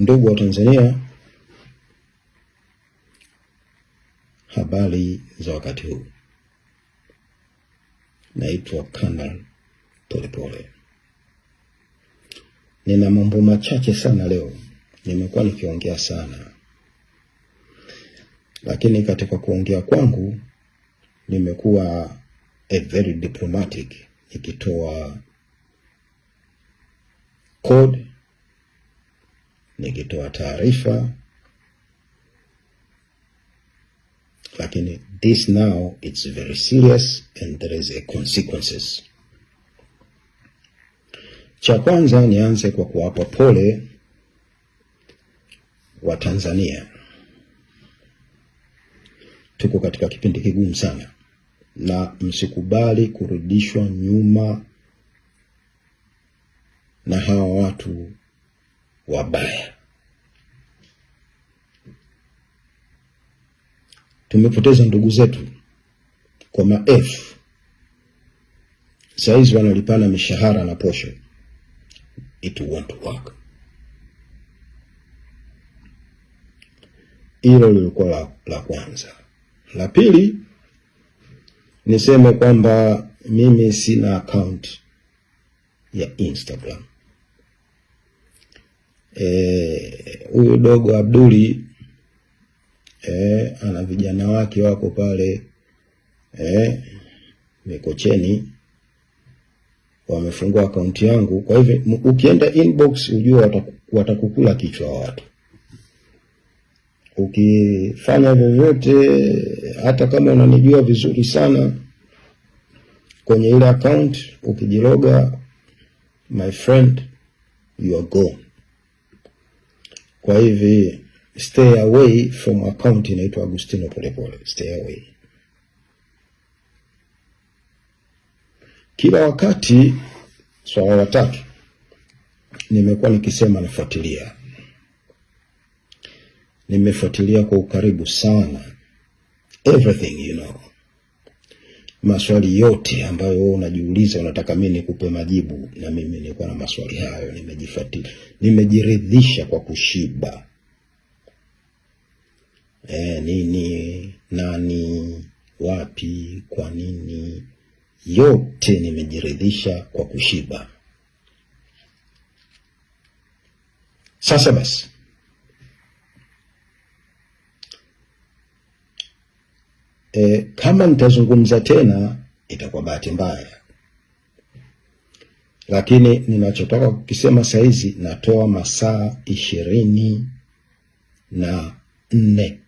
Ndugu wa Tanzania, habari za wakati huu. Naitwa kanal Polepole, nina mambo machache sana leo. Nimekuwa nikiongea sana, lakini katika kuongea kwangu nimekuwa a very diplomatic, nikitoa kodi, nikitoa taarifa, lakini this now it's very serious and there is a consequences. Cha kwanza nianze kwa kuwapa pole wa Tanzania. Tuko katika kipindi kigumu sana, na msikubali kurudishwa nyuma na hawa watu wabaya. Tumepoteza ndugu zetu kwa maelfu, saizi wanalipana mishahara na posho. It won't work. Hilo lilikuwa la, la kwanza. La pili niseme kwamba mimi sina account ya Instagram. Eh, huyu e, dogo Abduli e, ana vijana wake wako pale e, Mikocheni wamefungua akaunti yangu. Kwa hivyo ukienda inbox ujua wataku, watakukula kichwa watu ukifanya vyovyote, hata kama unanijua vizuri sana kwenye ile account, ukijiloga my friend you are gone. Kwa hivi stay away from account inaitwa Agustino Polepole, stay away. Kila wakati swala la tatu nimekuwa nikisema nafuatilia, nimefuatilia kwa ukaribu sana everything you know maswali yote ambayo wewe unajiuliza, unataka mimi nikupe majibu, na mimi nilikuwa na maswali hayo. Nimejifuatilia, nimejiridhisha kwa kushiba e, nini, nani, wapi, kwa nini, yote nimejiridhisha kwa kushiba. Sasa basi e, kama nitazungumza tena itakuwa bahati mbaya, lakini ninachotaka kukisema saizi, natoa masaa ishirini na nne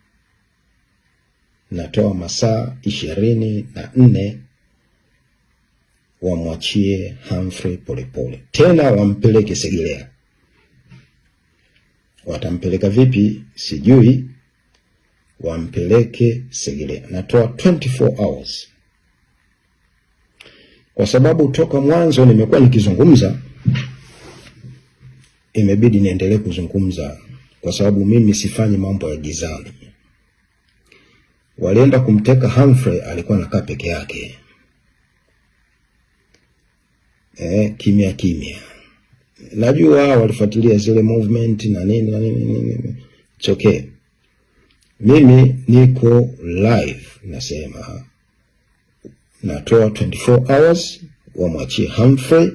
natoa masaa ishirini na nne wamwachie Humphrey Polepole, tena wampeleke Segelea. Watampeleka vipi sijui wampeleke segele Natoa 24 hours kwa sababu toka mwanzo nimekuwa nikizungumza, imebidi niendelee kuzungumza kwa sababu mimi sifanyi mambo ya gizani. Walienda kumteka Humphrey, alikuwa anakaa peke yake eh, kimya kimya. Najua walifuatilia zile movement na nini na nini, nini. Chokee mimi niko live, nasema natoa 24 hours, wamwachie Humphrey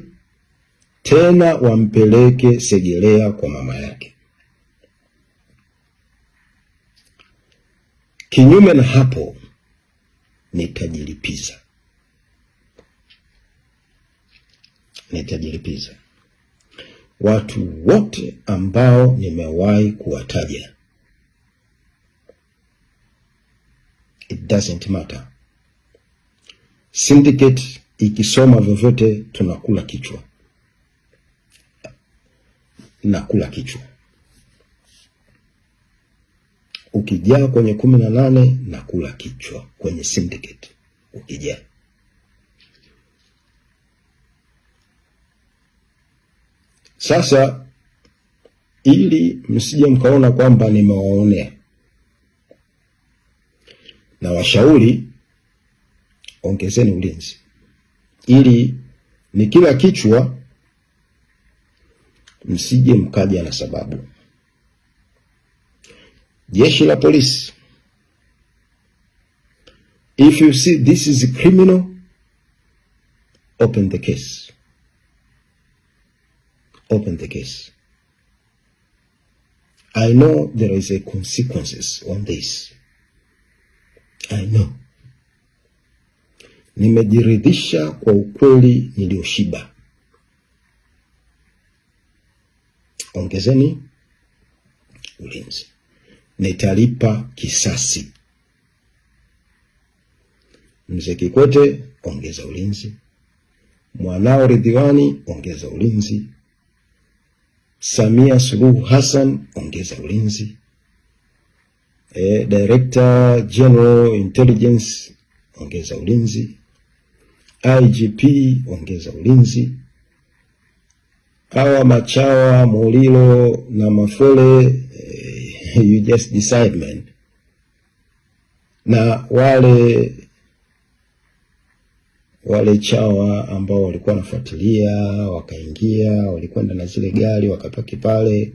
tena wampeleke Segerea kwa mama yake. Kinyume na hapo, nitajilipiza nitajilipiza watu wote ambao nimewahi kuwataja it doesn't matter. Syndicate ikisoma vyovyote tunakula kichwa, nakula kichwa. Ukijaa kwenye kumi na nane nakula kichwa kwenye syndicate, ukijaa sasa, ili msije mkaona kwamba nimewaonea na washauri, ongezeni ulinzi, ili ni kila kichwa msije mkaja na sababu. Jeshi la polisi, if you see this is a criminal open the case, open the case. I know there is a consequences on this. I know. Nimejiridhisha kwa ukweli nilioshiba. Ongezeni ulinzi. Nitalipa kisasi. Mzee Kikwete, ongeza ulinzi. Mwanao Ridhiwani, ongeza ulinzi. Samia Suluhu Hassan, ongeza ulinzi eh, Director General Intelligence ongeza ulinzi, IGP ongeza ulinzi, hawa machawa Mulilo na Mafole eh, you just decide man, na wale wale chawa ambao walikuwa wanafuatilia wakaingia, walikwenda na zile gari wakapaki pale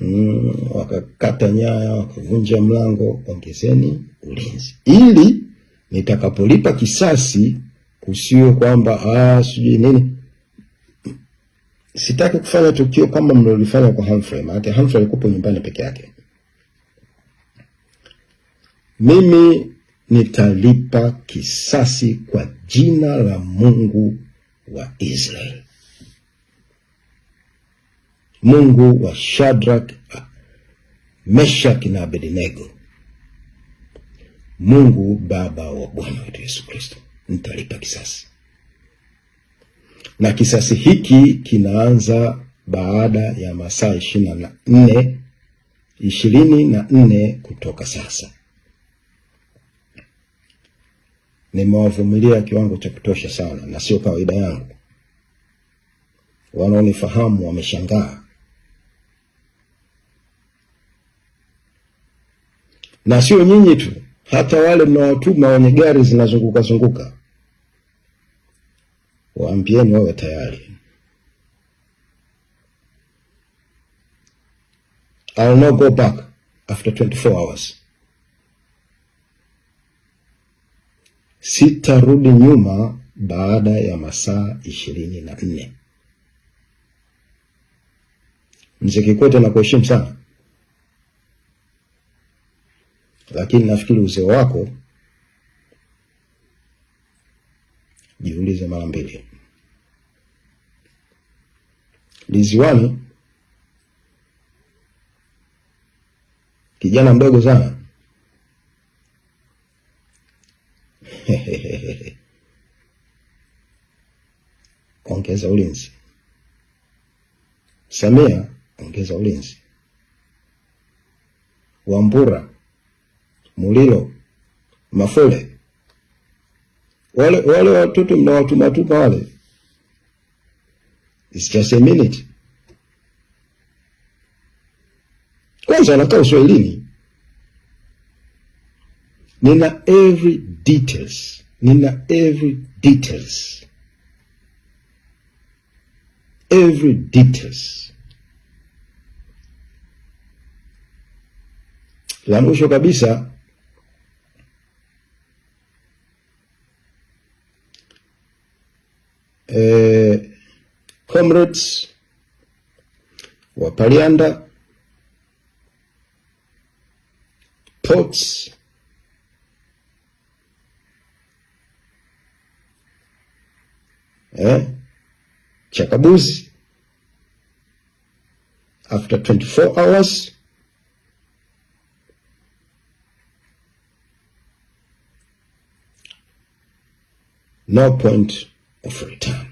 mm, wakakata nyaya, wakavunja mlango, ongezeni ulinzi ili nitakapolipa kisasi kusio kwamba ah, sijui nini. Sitaki kufanya tukio kama mlilofanya kwa Humphrey, maana Humphrey alikuwa nyumbani peke yake. Mimi nitalipa kisasi kwa jina la Mungu wa Israeli. Mungu wa shadrak meshak na Abednego, Mungu Baba wa Bwana wetu Yesu Kristo, nitalipa kisasi. Na kisasi hiki kinaanza baada ya masaa ishirini na nne ishirini na nne kutoka sasa. Nimewavumilia kiwango cha kutosha sana, na sio kawaida yangu. Wanaonifahamu wameshangaa na sio nyinyi tu, hata wale mnaowatuma wenye gari zinazunguka zunguka, waambieni wawe tayari. I'll not go back after 24 hours. Sitarudi nyuma baada ya masaa ishirini na nne. Mzee Kikwete, nakuheshimu sana Lakini nafikiri uzee wako, jiulize mara mbili. Liziwani kijana mdogo sana ongeza ulinzi. Samia, ongeza ulinzi. Wambura Mulilo, Mafule, wale wale watoto mnawatumatupa wale, it's just a minute. Kwanza anakaa Uswahilini, nina every details, nina every details, every details. La mwisho kabisa Emirates, wa Palianda Ports, eh, Chakabuzi after 24 hours no point of return.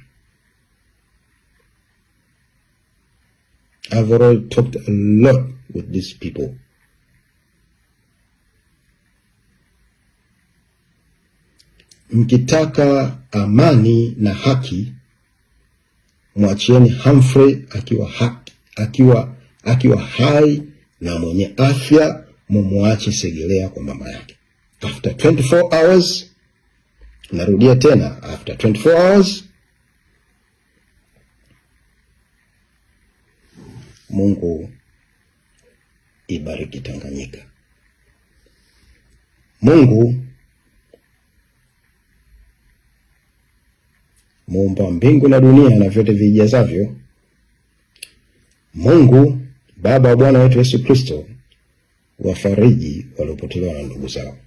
I've already talked a lot with these people. Mkitaka amani na haki, mwachieni Humphrey akiwa haki, akiwa akiwa hai na mwenye afya, mumwache Segelea kwa mama yake. After 24 hours, narudia tena, after 24 hours Mungu ibariki Tanganyika. Mungu muumba mbingu na dunia na vyote vijazavyo, Mungu Baba wa Bwana wetu Yesu Kristo, wafariji waliopotelewa na ndugu zao.